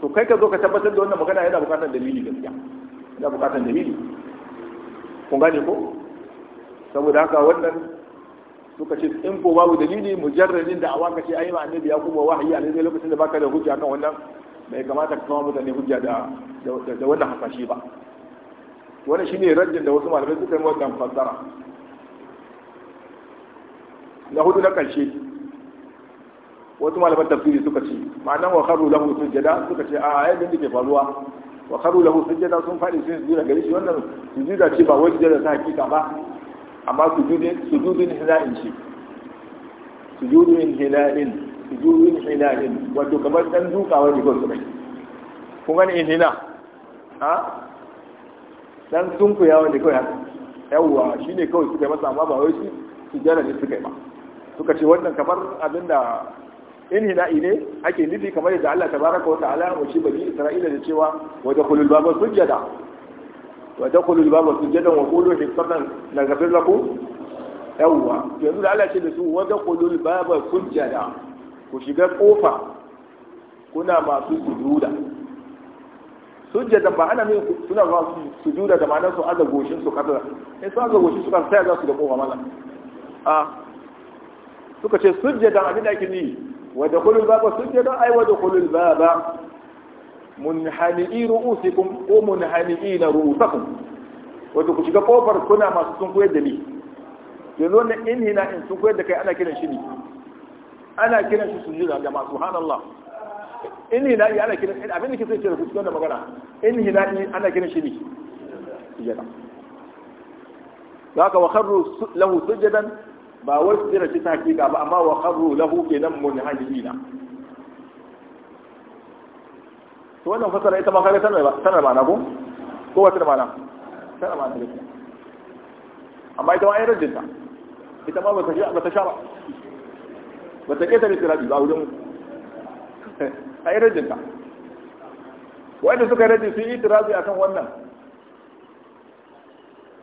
to kai ka zo ka tabbatar da wannan magana yana bukatar dalili gaskiya yana bukatar dalili kun gane ko saboda haka wannan suka ce in ko babu dalili mujarradin da awaka ce ayi ma annabi ya kuma wahayi a dai lokacin da baka da hujja kan wannan bai kamata ka kawo mutane hujja da da wannan hasashi ba wannan shine rajin da wasu malamai suka yi wannan fassara na hudu na karshe wasu malaman tafsiri suka ce ma'anan wa kharu lahu sujada suka ce a ayyukan da ke faruwa wa kharu lahu sujada sun faɗi sun su sujuda gari shi wannan su sujuda ce ba wai sujada ta hakika ba amma su sujudin sujudin hila'in ce sujudin hila'in sujudin hila'in wato kamar ɗan dukawa ne ko sukai kun gani in hila ha dan sunkuyawa ne kawai yawwa shine kawai suka yi masa amma ba wai su sujada ne suka yi ba suka ce wannan kamar abinda in hina ne ake nufi kamar yadda Allah tabaraka wa ta'ala wa shi bani Isra'ila da cewa wa dakhulul baba sujada wa dakhulul baba sujada wa qulu la naghfir lakum yawwa yanzu da Allah ce da su wa dakhulul baba sujada ku shiga kofa kuna masu sujuda sujada ba ana mai kuna ba su sujuda da ma'anar su aza goshin su kasa in su aza goshin su kan sai za su da kofa mana a ah. suka ce sujada abin da ake ni wadda kulul baba sun ce don ai wadda kulul baba munhani'i ru'usikum ko munhani'i na ru'usakum wato ku shiga kofar kuna masu sun koyar da ni yanzu na in sun kai ana kiran shi ne ana kiran shi sujuda jama'a subhanallah inni na ana kiran abin da kike ce da na ana kiran shi ne ba wasu su jira shi ta hakika ba amma wa kharru lahu kenan na to wannan fasara ita ma kare tana ba tana ba na ko ko wata da mana tana ba ta amma ita ma ai rajinta ita ma ba ta ba ta shara ba ta keta litirafi ba wurin ai [laughs] rajinta wanda suka rajin su yi itirazi akan wannan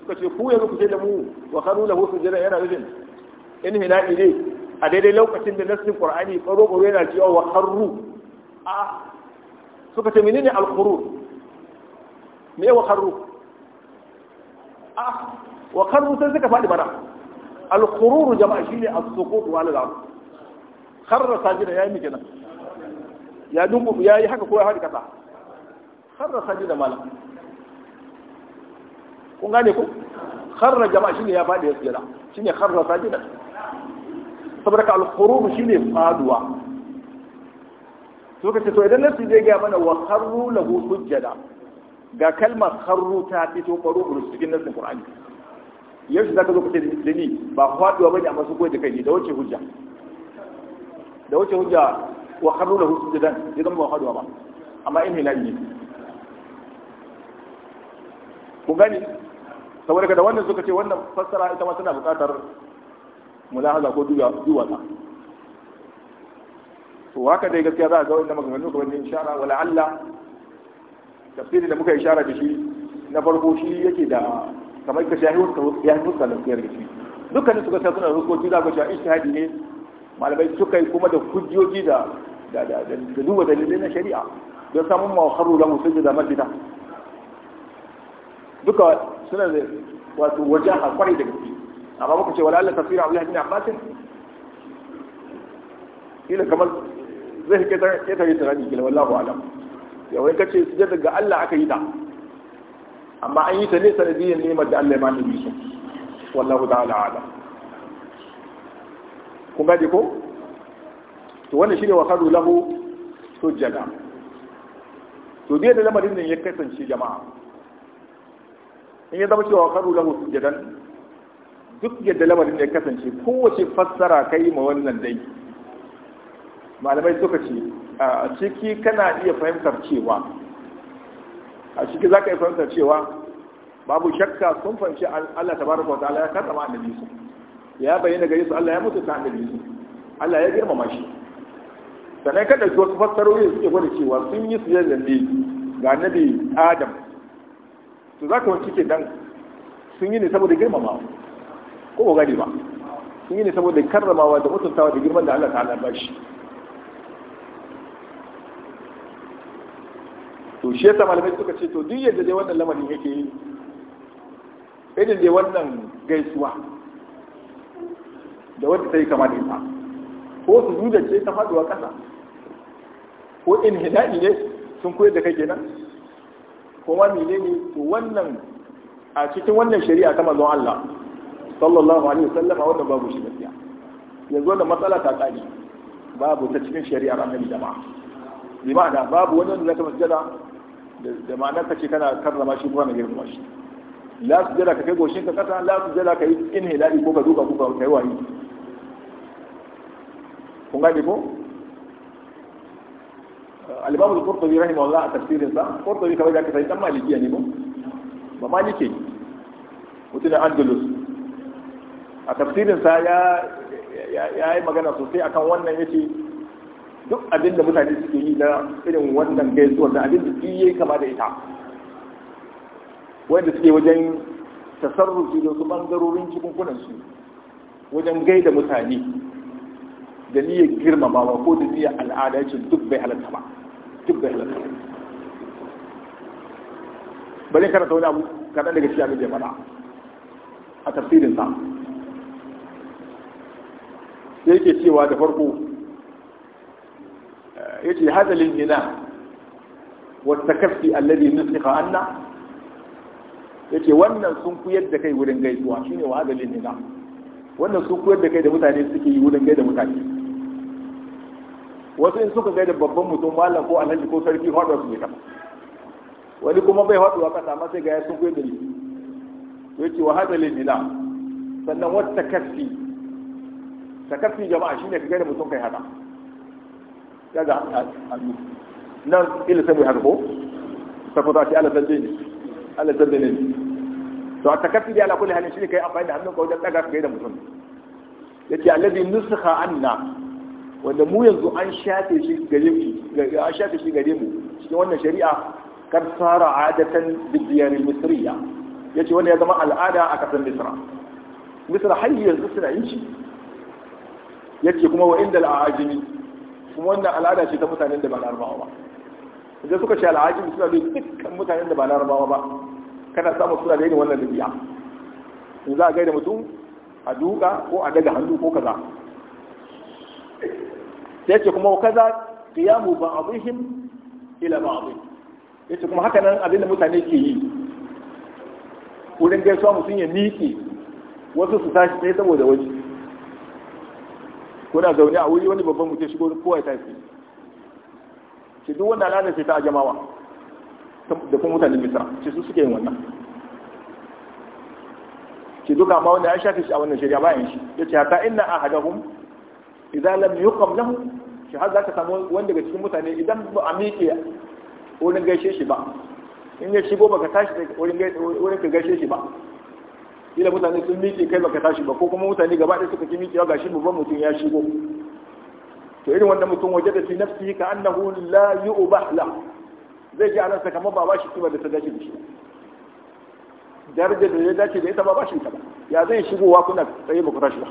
suka ce ku yanzu ku ce da mu wa kanu lahu sujada yana nufin in hila'i ne a daidai lokacin da nassin qur'ani karo karo yana cewa wa kharru a suka ce menene al-khurur me wa kharru a wa kharru sai suka faɗi bana al-khurur jama'a shine as-suqut wa al-ard kharra sajida ya miki nan ya ya yi haka ko ya haɗi kasa kharra sajida malam kun gane ku kharra jama'a shine ya faɗi ya shi shine kharra sajida saboda ka shi ne shine faduwa to kace to idan nasu zai ga mana wa kharru lahu hujjada ga kalmar kharru ta fito faru ulus cikin nasu qur'ani yanzu zaka zo kace da ni ba faduwa bane amma su koyi da kai ne da wace hujja da wace hujja wa kharru lahu hujjada idan ba faduwa ba amma in hilali ne ku gani saboda da wannan suka ce wannan fassara ita ma tana buƙatar mulahaza ko ta to haka dai gaskiya za a ga wannan maganganu kamar yin shara wala Allah tafsiri da muka ishara da shi na farko shi yake da kamar ka shahi wata ya yi fuska lafiyar da shi dukkanin suka sai suna rukoki za ka sha ishtihadi ne malamai suka yi kuma da hujjoji da da duba dalilai na shari'a don samun mawakarru da musu da mafita duka suna da wato wajen hakwari da gaske amma muka ce wala'alla tafira abu yahdi amma sai kila kamar zai ke ke tare da rabi kila wallahu alam ya wai kace sujada ga Allah aka yi ta amma an yi ta ne sanadiyyar neman da Allah ya mani bisu wallahu ta'ala alam kun gaji ko to wannan shine wa kadu lahu jada. to dai da lamarin nan ya kasance jama'a in ya zama cewa kadu lahu sujadan duk yadda lamarin da ya kasance kowace fassara ka yi ma wannan dai malamai suka ce a ciki kana iya fahimtar cewa a ciki za ka iya fahimtar cewa babu shakka sun fahimci Allah ta baraka wata Allah ya karɓa ma annabi su ya bayyana gari su Allah ya mutu ta annabi su Allah ya girmama shi sannan kada su wasu fassarori su suke gwada cewa sun yi su yadda ne ga annabi Adam to za ka wani cike dan sun yi ne saboda girmamawa ko ba gani ba sun yi ne saboda karramawa da mutuntawa da girman da Allah ta'ala ba shi to shi yasa malamai suka ce to duk yadda dai wannan lamarin yake yi irin dai wannan gaisuwa da wanda ta yi kama da ita ko su duda ce ta faduwa ƙasa ko in hida'i ne sun koyar da kai kenan ko ma ne to wannan a cikin wannan shari'a ta manzon Allah sallallahu alaihi wasallam wannan babu shi gaskiya yanzu wanda matsala ta kare babu ta cikin shari'ar annabi jama'a bi ma'ana babu wani wanda zaka masjada da ma'anar ka ce kana karrama shi kuma na girma shi la su jira ka kai goshin ka kasa la su jira ka yi inhilali ko ka duka ko ka yi wani kun gane ko al-imam al-qurtubi rahimahullah a tafsirin sa qurtubi kamar da ka sai dan malikiya ne ko ba maliki mutum da andalus a tafsirinsa ya yi magana sosai akan wannan ya ce duk abin da mutane suke yi na irin wannan gaisuwar da abin da su yi kama da ita wanda suke wajen tasarrufi da su bangarorin cikin su wajen gaida mutane da niyyar girmamawa ko da niyya al'ada ce duk bai halatta ba duk bai halatta ba bari karanta wani abu kaɗan daga shi abin da ya faɗa a tafsirin sa sai yake cewa da farko ce hadalin hina wata kafi alladhi nusikha anna ce wannan sun kuyar da kai wurin gaisuwa shine wa hadalin hina wannan sun kuyar da kai da mutane suke yi wurin gaida mutane wasu in suka gaida babban mutum malam ko alhaji ko sarki hada su ne kama wani kuma bai haɗuwa kasa amma sai ga ya sun kuyar da ni ce wa hadalin hina sannan wata kafi takaffi jama'a shine ka gane mutum kai haka ya ga hannu nan ila sai haka ko saboda shi Allah sabbe ne Allah sabbe ne to a takaffi da ala kulli halin shine kai amfani da hannun ka wajen daga kai da mutum yace alladhi nusakha anna wanda mu yanzu an shafe shi gare mu an shafe shi gare mu cikin wannan shari'a kar sara adatan bidiyar misriya yace wanda ya zama al'ada a kasar misra misra har suna yin shi yace kuma wa inda al'ajimi kuma wannan al'ada ce ta mutanen da ba larabawa ba idan suka ce al'ajimi suna da dukkan mutanen da ba larabawa ba kana samun suna da yin wannan dabi'a in za a gaida mutum a duka ko a daga hannu ko kaza ce kuma kaza qiyamu ba'dihim ila ba ba'dih yace kuma haka nan abinda mutane ke yi wurin gaisuwa mutum ya miƙe wasu su tashi sai saboda waje kuna zaune a wuri wani babban mutum shigo kowa ya tafi shi duk wanda al'adar sai ta jamawa da kuma mutane misra shi su suke yin wannan shi duka ma wanda ya shafi shi a wannan shari'a bayan shi ya ce hata a hadahun idan lam yi lahu shi har za ka samu wanda daga cikin mutane idan ba a miƙe wurin gaishe shi ba in ya shigo baka tashi wurin ka gaishe shi ba kila mutane sun miƙe kai baka tashi ba ko kuma mutane gaba ɗaya suka ki ba gashi babban mutum ya shigo to irin wannan mutum waje da fi nafsi ka annahu la yu'bah la zai ji anan kamar ba bashi kima da ta dace da shi daraja da ya dace da ita ba bashi ta ba ya zai shigo wa kuna tsaye baka tashi ba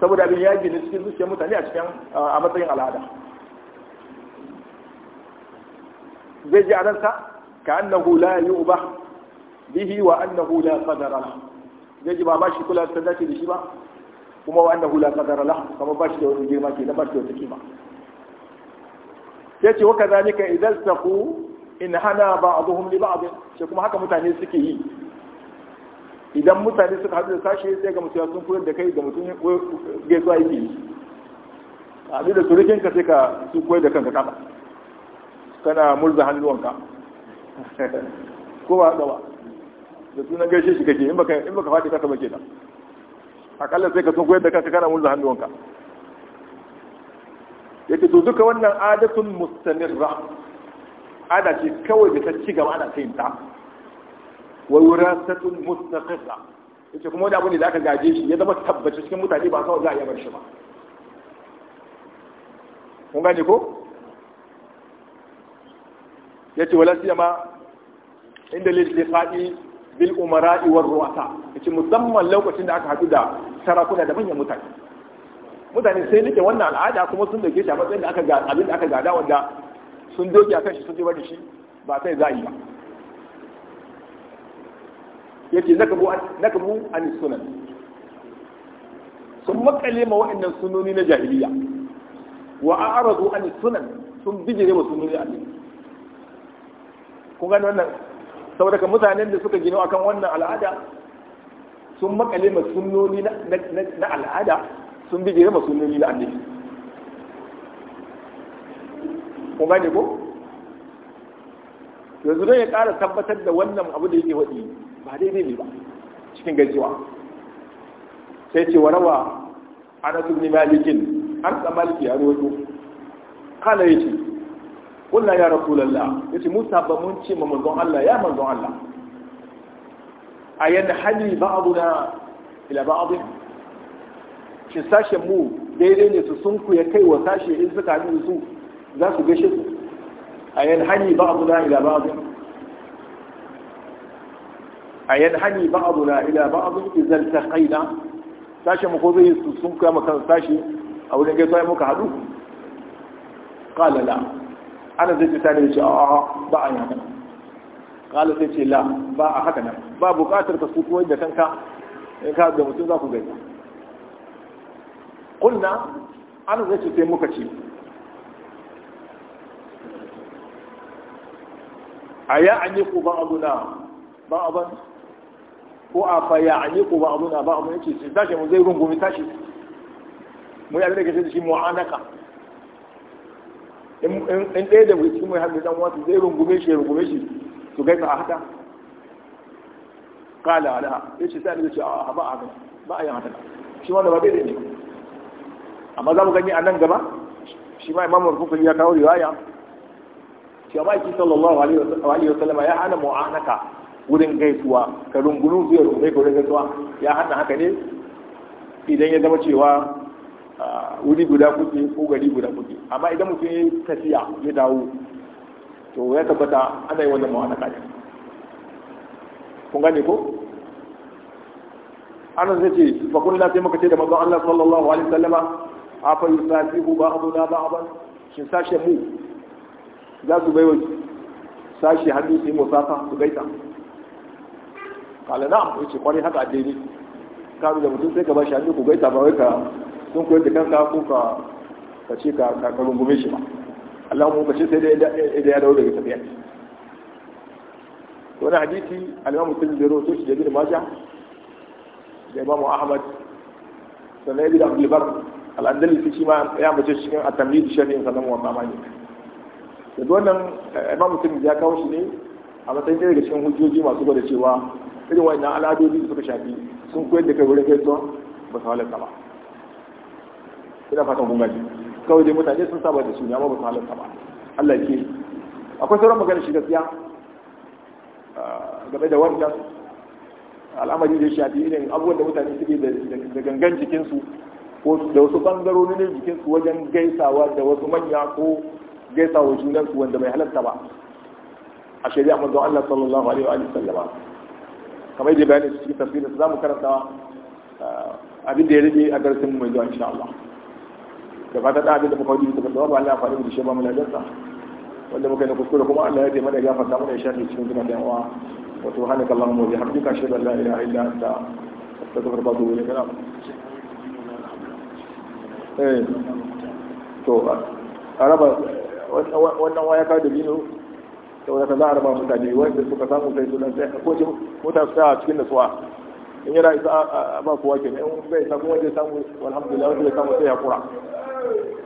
saboda abin ya gina cikin zuciyar mutane a cikin a matsayin al'ada zai ji anan ka annahu la yu'bah bihi wa annahu la qadara lahu zai ji ba ba shi kula ta dace da shi ba kuma wa annahu la qadara la kuma bashi da wani girma ke da bashi da wata kima sai ce wa kadhalika idan taqu in hana ba'dhum li ba'd shi kuma haka mutane suke yi idan mutane suka haɗu da sashe sai ga mutum sun koyar da kai da mutum gaisuwa yake yi a da surukin ka sai ka su koyar da kanka kaɗa kana murza wanka [laughs] ko ba ba. da sunan gaishe shi kake in baka in baka faɗi kasa ba kenan akalla sai ka sun koyar da kanka kana murza hannuwanka ce to duka wannan adatun mustamirra ada ce kawai da ta ci gaba ana kai ta wa wirasatun mustaqirra ce kuma wani abu ne da aka gaje shi ya zama tabbaci cikin mutane ba kawai za a yi bar shi ba kun gane ko Ya ce wala siyama inda lil liqa'i bil umara'i war ru'asa yace musamman lokacin da aka haɗu da sarakuna da manyan mutane mutane sai nake wannan al'ada kuma sun doke shi a matsayin da aka ga abin da aka gada wanda sun doke akan shi sun ji da shi ba sai za yi ba yace nakabu nakabu an sunan sun makale ma wa'annan sunoni na jahiliya wa a'radu an sunan sun bijire wa sunoni a kun gani wannan saboda mutanen da suka gino akan wannan al'ada sun makale ma sunnoni na al'ada sun bi ma sunnoni na annabi ko gane ko yanzu zai ya ƙara tabbatar da wannan abu da yake wadi ba daidai ne ba cikin gaisuwa sai ce wa rawa ana sunni malikin an tsamalki a rojo kala yake قلنا يا رسول الله يتي موسى بمونتي ممنظر الله يا منظر الله أين حل بعضنا إلى بعض شن ساشا مو ديرين يتسنكو يكي وساشا إذبك عن يسوف ذاك بشد أين حل بعضنا إلى بعض أين حل بعضنا إلى بعض إذا التقينا ساشا مخوضي يتسنكو مكان ساشا أو لنجي طيب مكادو قال لا ana zai fita da ce a'a ba a haka kala sai ce la ba a haka nan ba buƙatar ka su kuwa da kanka in ka da mutum za ku gaisa Kunna, ana zai ce sai muka ce a ya an yi ku ba abuna ba aban ko a fa ya an yi ku ba abuna ba abuna ce sai tashi mu zai rungumi tashi mu yi abin da ke sai da shi mu'anaka in ɗaya da wai cikin mai hannu dan wasu zai rungume shi rungume shi su gaisa a haka kala ala ya ce sai da ce a ba a haka ba a yin haka shi wanda ba da ne amma za mu gani a nan gaba shi ma imamu rukun ya kawo riwaya cewa ma'aiki sallallahu alaihi wa sallama ya hana mu'anaka wurin gaisuwa ka rungunu zuwa rungume ka wurin gaisuwa ya hana haka ne idan ya zama cewa wuri guda kuke ko gari guda kuke amma idan mutum ya tafiya ya dawo to ya tabbata ana yi wannan mawana kaɗin kun gane ko ana zai ce fa kullu sai muka ce da manzon Allah sallallahu alaihi wasallama afa yusafihu la ba'dan shin sashe mu za su bai wani sashe hannu su yi musafa su gaita kala na'am ce kwari haka addini kawo da mutum sai ka ba shi hannu ku gaita ba wai ka sun koyar da kanka ko ka ka ce ka ka rungume shi ba Allah mu kace sai da ya dawo daga tafiya wani hadisi al-Imam Muslim da shi da Ibn Majah da Imam Ahmad sannan Ibn Abdul Bar al-Andalusi shi ma ya mace shi cikin at-Tamhid shari'in sannan wa mamani da wannan eh, Imam Muslim ya kawo shi ne a matsayin daga cikin hujjoji masu gwada cewa irin wannan al'adodi da suka shafi sun koyar da kai wurin gaisuwa ba su halatta ba ina fatan kun gani kawai dai mutane sun saba da su ne amma ba su halatta ba Allah ke akwai sauran magana shi gaskiya game da wannan al'amari da shafi irin abubuwan da mutane suke da gangan jikinsu ko da wasu bangarori ne jikinsu wajen gaisawa da wasu manya ko gaisawa junansu wanda bai halatta ba a shari'a manzon Allah sallallahu alaihi wa sallama kamar yadda bayanin cikin tafsirin mu karanta abin da ya rage a garsin mai zuwa insha Allah da fatan da abin da muka wajibi daga tsawabu Allah ya faɗi da shi ba mu ladarsa wanda muka yi na kuskure kuma Allah ya taimaka da gafarta mana ya shafe cikin zuwa da yawa wa subhanaka allahumma wa bihamdika ashhadu an la ilaha illa anta astaghfiruka wa atubu ilayk eh to araba wannan waya ka da bino saboda ka za a raba mutane wanda suka samu sai sunan sai ko ce mutane su a cikin nasuwa in yana isa ba kowa kenan in bai samu wajen samu alhamdulillah wanda ya samu sai ya kura word